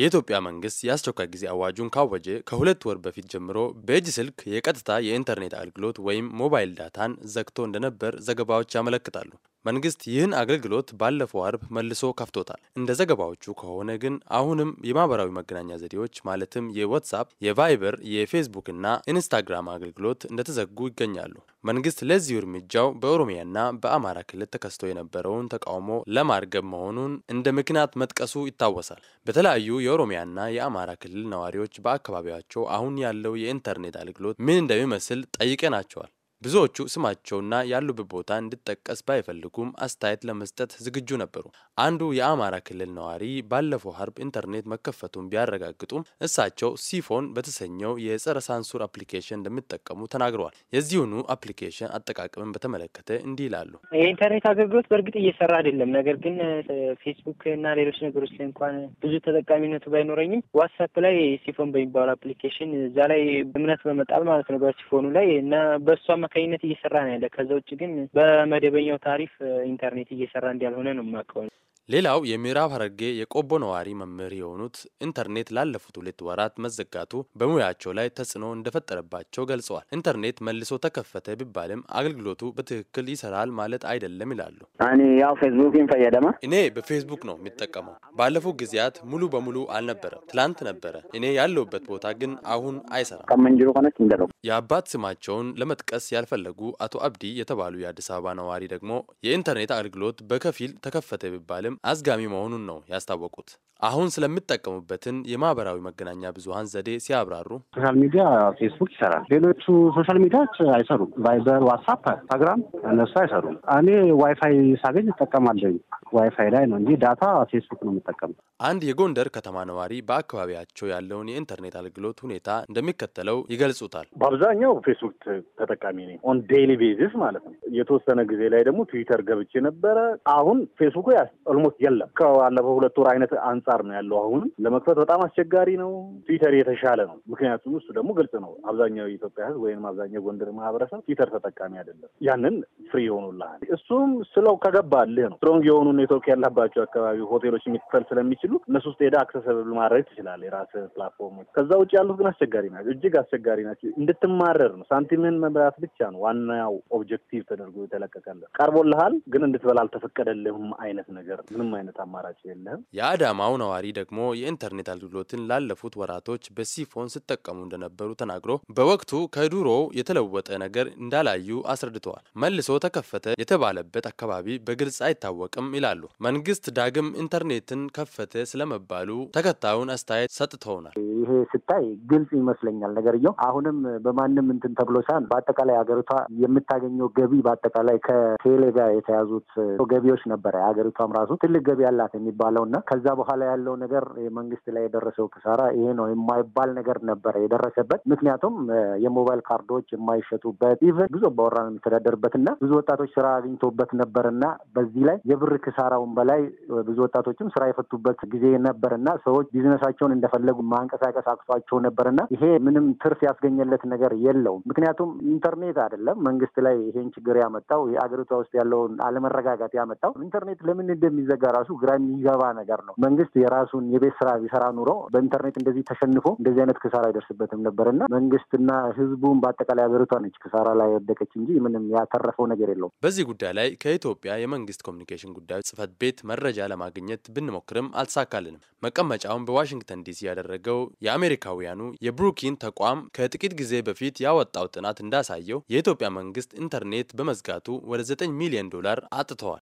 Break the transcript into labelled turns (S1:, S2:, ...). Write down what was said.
S1: የኢትዮጵያ መንግስት የአስቸኳይ ጊዜ አዋጁን ካወጀ ከሁለት ወር በፊት ጀምሮ በእጅ ስልክ የቀጥታ የኢንተርኔት አገልግሎት ወይም ሞባይል ዳታን ዘግቶ እንደነበር ዘገባዎች ያመለክታሉ። መንግስት ይህን አገልግሎት ባለፈው አርብ መልሶ ከፍቶታል። እንደ ዘገባዎቹ ከሆነ ግን አሁንም የማህበራዊ መገናኛ ዘዴዎች ማለትም የዋትሳፕ፣ የቫይበር፣ የፌስቡክ እና ኢንስታግራም አገልግሎት እንደተዘጉ ይገኛሉ። መንግስት ለዚሁ እርምጃው በኦሮሚያና በአማራ ክልል ተከስቶ የነበረውን ተቃውሞ ለማርገብ መሆኑን እንደ ምክንያት መጥቀሱ ይታወሳል። በተለያዩ የኦሮሚያና የአማራ ክልል ነዋሪዎች በአካባቢያቸው አሁን ያለው የኢንተርኔት አገልግሎት ምን እንደሚመስል ጠይቀናቸዋል። ብዙዎቹ ስማቸውና ያሉበት ቦታ እንዲጠቀስ ባይፈልጉም አስተያየት ለመስጠት ዝግጁ ነበሩ። አንዱ የአማራ ክልል ነዋሪ ባለፈው ሀርብ ኢንተርኔት መከፈቱን ቢያረጋግጡም እሳቸው ሲፎን በተሰኘው የጸረ ሳንሱር አፕሊኬሽን እንደሚጠቀሙ ተናግረዋል። የዚሁኑ አፕሊኬሽን አጠቃቀምን በተመለከተ እንዲህ ይላሉ።
S2: የኢንተርኔት አገልግሎት በእርግጥ እየሰራ አይደለም። ነገር ግን ፌስቡክ እና ሌሎች ነገሮች ላይ እንኳን ብዙ ተጠቃሚነቱ ባይኖረኝም ዋትሳፕ ላይ ሲፎን በሚባሉ አፕሊኬሽን እዛ ላይ እምነት በመጣል ማለት ነው በሲፎኑ ላይ እና በእሷ አማካኝነት እየሰራ ነው ያለ። ከዛ ውጭ ግን በመደበኛው ታሪፍ ኢንተርኔት እየሰራ እንዳልሆነ ነው የማውቀው።
S1: ሌላው የምዕራብ ሐረርጌ የቆቦ ነዋሪ መምህር የሆኑት ኢንተርኔት ላለፉት ሁለት ወራት መዘጋቱ በሙያቸው ላይ ተጽዕኖ እንደፈጠረባቸው ገልጸዋል። ኢንተርኔት መልሶ ተከፈተ ቢባልም አገልግሎቱ በትክክል ይሰራል ማለት አይደለም ይላሉ። ያው እኔ በፌስቡክ ነው የሚጠቀመው። ባለፉት ጊዜያት ሙሉ በሙሉ አልነበረም። ትላንት ነበረ። እኔ ያለሁበት ቦታ ግን አሁን አይሰራም። የአባት ስማቸውን ለመጥቀስ ያልፈለጉ አቶ አብዲ የተባሉ የአዲስ አበባ ነዋሪ ደግሞ የኢንተርኔት አገልግሎት በከፊል ተከፈተ ቢባልም አዝጋሚ መሆኑን ነው ያስታወቁት። አሁን ስለምጠቀሙበትን የማህበራዊ መገናኛ ብዙሀን ዘዴ ሲያብራሩ
S2: ሶሻል ሚዲያ ፌስቡክ ይሰራል፣ ሌሎቹ ሶሻል ሚዲያዎች አይሰሩም። ቫይበር፣ ዋትሳፕ፣ ኢንስታግራም እነሱ አይሰሩም። እኔ ዋይፋይ ሳገኝ እጠቀማለኝ። ዋይፋይ ላይ ነው እንጂ ዳታ ፌስቡክ ነው የምጠቀመው።
S1: አንድ የጎንደር ከተማ ነዋሪ በአካባቢያቸው ያለውን የኢንተርኔት አገልግሎት ሁኔታ እንደሚከተለው ይገልጹታል።
S3: በአብዛኛው ፌስቡክ ተጠቃሚ ነኝ፣ ኦን ዴይሊ ቤዚስ ማለት ነው። የተወሰነ ጊዜ ላይ ደግሞ ትዊተር ገብቼ ነበረ። አሁን ፌስቡክ ኦልሞስት የለም። ከባለፈው ሁለት ወር አይነት አንጻር ነው ያለው። አሁንም ለመክፈት በጣም አስቸጋሪ ነው። ትዊተር የተሻለ ነው፣ ምክንያቱም እሱ ደግሞ ግልጽ ነው። አብዛኛው የኢትዮጵያ ሕዝብ ወይም አብዛኛው ጎንደር ማህበረሰብ ትዊተር ተጠቃሚ አይደለም። ያንን ፍሪ ይሆኑልሃል። እሱም ስለው ከገባልህ ነው ስትሮንግ የሆኑ ኔትወርክ ያላባቸው አካባቢ ሆቴሎች የሚክፈል ስለሚችሉ እነሱ ውስጥ ሄዳ አክሰሰብል ማድረግ ትችላል የራስ ፕላትፎርሞች። ከዛ ውጭ ያሉት ግን አስቸጋሪ ናቸው፣ እጅግ አስቸጋሪ ናቸው። እንድትማረር ነው። ሳንቲምህን መብላት ብቻ ነው ዋናው ኦብጀክቲቭ ተደርጎ የተለቀቀልህ። ቀርቦልሃል፣ ግን እንድትበላ አልተፈቀደልህም አይነት ነገር። ምንም አይነት አማራጭ የለህም።
S1: የአዳማው ነዋሪ ደግሞ የኢንተርኔት አገልግሎትን ላለፉት ወራቶች በሲፎን ሲጠቀሙ እንደነበሩ ተናግሮ በወቅቱ ከዱሮ የተለወጠ ነገር እንዳላዩ አስረድተዋል። መልሶ ተከፈተ የተባለበት አካባቢ በግልጽ አይታወቅም ይላል። ይላሉ። መንግስት ዳግም ኢንተርኔትን ከፈተ ስለመባሉ ተከታዩን አስተያየት ሰጥተውናል።
S2: ይሄ ስታይ ግልጽ ይመስለኛል ነገርየው። አሁንም በማንም እንትን ተብሎ ሳይሆን በአጠቃላይ ሀገሪቷ የምታገኘው ገቢ በአጠቃላይ ከቴሌ ጋር የተያዙት ገቢዎች ነበረ። ሀገሪቷም ራሱ ትልቅ ገቢ ያላት የሚባለው እና ከዛ በኋላ ያለው ነገር መንግስት ላይ የደረሰው ክሳራ ይሄ ነው የማይባል ነገር ነበረ የደረሰበት። ምክንያቱም የሞባይል ካርዶች የማይሸጡበት ኢቨን ብዙ በወራ ነው የሚተዳደርበት እና ብዙ ወጣቶች ስራ አግኝቶበት ነበር እና በዚህ ላይ የብር ክሳራውን በላይ ብዙ ወጣቶችም ስራ የፈቱበት ጊዜ ነበር እና ሰዎች ቢዝነሳቸውን እንደፈለጉ ማንቀሳቀስ ተንቀሳቅሷቸው ነበርና ይሄ ምንም ትርፍ ያስገኘለት ነገር የለውም። ምክንያቱም ኢንተርኔት አይደለም መንግስት ላይ ይሄን ችግር ያመጣው የአገሪቷ ውስጥ ያለውን አለመረጋጋት ያመጣው ኢንተርኔት ለምን እንደሚዘጋ ራሱ ግራ የሚገባ ነገር ነው። መንግስት የራሱን የቤት ስራ ቢሰራ ኑሮ በኢንተርኔት እንደዚህ ተሸንፎ እንደዚህ አይነት ክሳራ አይደርስበትም ነበርና መንግስትና ህዝቡን በአጠቃላይ ሀገሪቷ ነች ክሳራ ላይ ወደቀች እንጂ ምንም ያተረፈው ነገር የለውም።
S1: በዚህ ጉዳይ ላይ ከኢትዮጵያ የመንግስት ኮሚኒኬሽን ጉዳዮች ጽህፈት ቤት መረጃ ለማግኘት ብንሞክርም አልተሳካልንም። መቀመጫውን በዋሽንግተን ዲሲ ያደረገው የአሜሪካውያኑ የብሩኪን ተቋም ከጥቂት ጊዜ በፊት ያወጣው ጥናት እንዳሳየው የኢትዮጵያ መንግስት ኢንተርኔት በመዝጋቱ ወደ 9 ሚሊዮን ዶላር አጥተዋል።